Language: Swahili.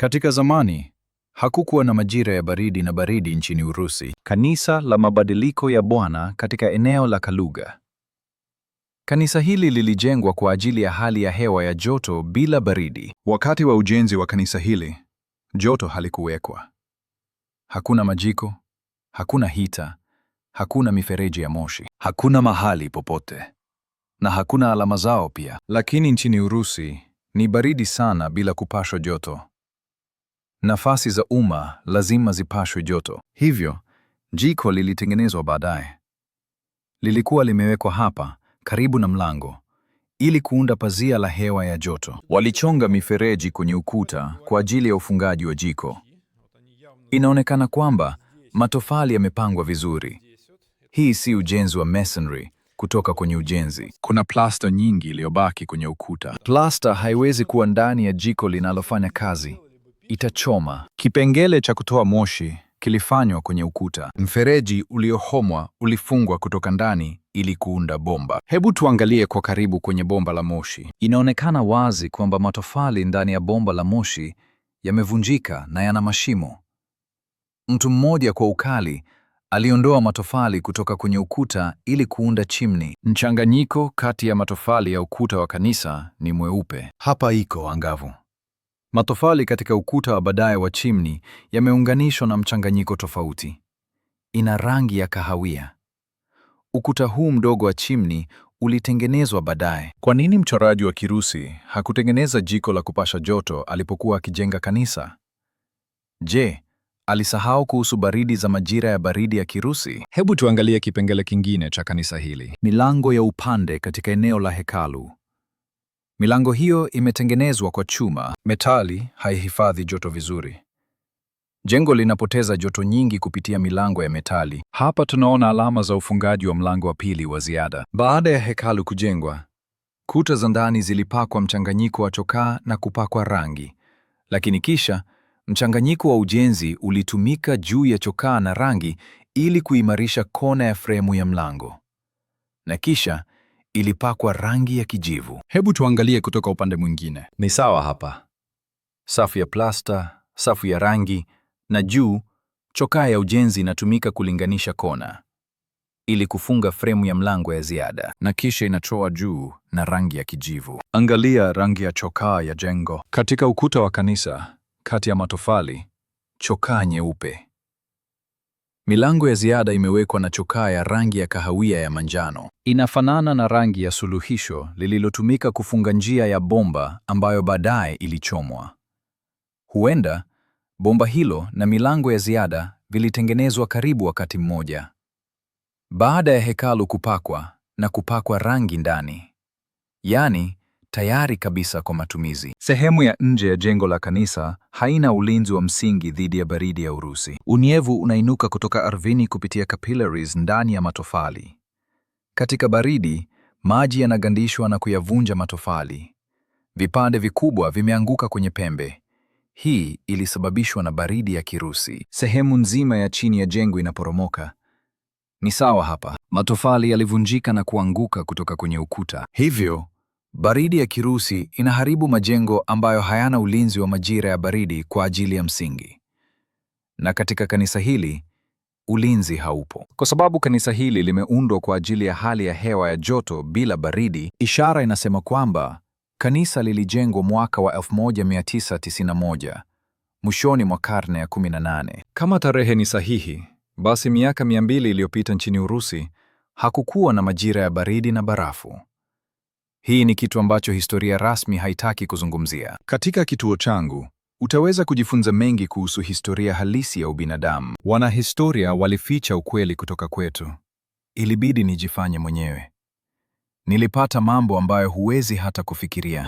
Katika zamani hakukuwa na majira ya baridi na baridi nchini Urusi. Kanisa la Mabadiliko ya Bwana katika eneo la Kaluga. Kanisa hili lilijengwa kwa ajili ya hali ya hewa ya joto bila baridi. Wakati wa ujenzi wa kanisa hili, joto halikuwekwa. Hakuna majiko, hakuna hita, hakuna mifereji ya moshi, hakuna mahali popote na hakuna alama zao pia. Lakini nchini Urusi ni baridi sana bila kupashwa joto. Nafasi za umma lazima zipashwe joto, hivyo jiko lilitengenezwa baadaye. Lilikuwa limewekwa hapa karibu na mlango ili kuunda pazia la hewa ya joto. Walichonga mifereji kwenye ukuta kwa ajili ya ufungaji wa jiko. Inaonekana kwamba matofali yamepangwa vizuri. Hii si ujenzi wa masonry kutoka kwenye ujenzi. Kuna plasta nyingi iliyobaki kwenye ukuta. Plasta haiwezi kuwa ndani ya jiko linalofanya kazi itachoma. Kipengele cha kutoa moshi kilifanywa kwenye ukuta. Mfereji uliohomwa ulifungwa kutoka ndani ili kuunda bomba. Hebu tuangalie kwa karibu kwenye bomba la moshi. Inaonekana wazi kwamba matofali ndani ya bomba la moshi yamevunjika na yana mashimo. Mtu mmoja kwa ukali aliondoa matofali kutoka kwenye ukuta ili kuunda chimni. Mchanganyiko kati ya matofali ya ukuta wa kanisa ni mweupe. Hapa iko angavu. Matofali katika ukuta wa baadaye wa chimni yameunganishwa na mchanganyiko tofauti. Ina rangi ya kahawia. Ukuta huu mdogo wa chimni ulitengenezwa baadaye. Kwa nini mchoraji wa Kirusi hakutengeneza jiko la kupasha joto alipokuwa akijenga kanisa? Je, alisahau kuhusu baridi za majira ya baridi ya Kirusi? Hebu tuangalie kipengele kingine cha kanisa hili. Milango ya upande katika eneo la hekalu. Milango hiyo imetengenezwa kwa chuma, metali haihifadhi joto vizuri. Jengo linapoteza joto nyingi kupitia milango ya metali. Hapa tunaona alama za ufungaji wa mlango wa pili wa ziada. Baada ya hekalu kujengwa, kuta za ndani zilipakwa mchanganyiko wa chokaa na kupakwa rangi, lakini kisha mchanganyiko wa ujenzi ulitumika juu ya chokaa na rangi ili kuimarisha kona ya fremu ya mlango na kisha ilipakwa rangi ya kijivu. Hebu tuangalie kutoka upande mwingine. Ni sawa hapa, safu ya plasta, safu ya rangi, na juu chokaa ya ujenzi inatumika kulinganisha kona ili kufunga fremu ya mlango ya ziada, na kisha inatoa juu na rangi ya kijivu. Angalia rangi ya chokaa ya jengo katika ukuta wa kanisa, kati ya matofali, chokaa nyeupe Milango ya ziada imewekwa na chokaa ya rangi ya kahawia ya manjano. Inafanana na rangi ya suluhisho lililotumika kufunga njia ya bomba ambayo baadaye ilichomwa. Huenda bomba hilo na milango ya ziada vilitengenezwa karibu wakati mmoja. Baada ya hekalu kupakwa na kupakwa rangi ndani, yaani tayari kabisa kwa matumizi. Sehemu ya nje ya jengo la kanisa haina ulinzi wa msingi dhidi ya baridi ya Urusi. Unyevu unainuka kutoka ardhini kupitia capillaries ndani ya matofali. Katika baridi, maji yanagandishwa na kuyavunja matofali. Vipande vikubwa vimeanguka kwenye pembe. Hii ilisababishwa na baridi ya Kirusi. Sehemu nzima ya chini ya jengo inaporomoka. Ni sawa hapa. Matofali yalivunjika na kuanguka kutoka kwenye ukuta. Hivyo Baridi ya Kirusi inaharibu majengo ambayo hayana ulinzi wa majira ya baridi kwa ajili ya msingi. Na katika kanisa hili ulinzi haupo. Kwa sababu kanisa hili limeundwa kwa ajili ya hali ya hewa ya joto bila baridi, ishara inasema kwamba kanisa lilijengwa mwaka wa 1991, mwishoni mwa karne ya 18. Kama tarehe ni sahihi, basi miaka 200 iliyopita nchini Urusi hakukuwa na majira ya baridi na barafu. Hii ni kitu ambacho historia rasmi haitaki kuzungumzia. Katika kituo changu utaweza kujifunza mengi kuhusu historia halisi ya ubinadamu. Wanahistoria walificha ukweli kutoka kwetu, ilibidi nijifanye mwenyewe. Nilipata mambo ambayo huwezi hata kufikiria.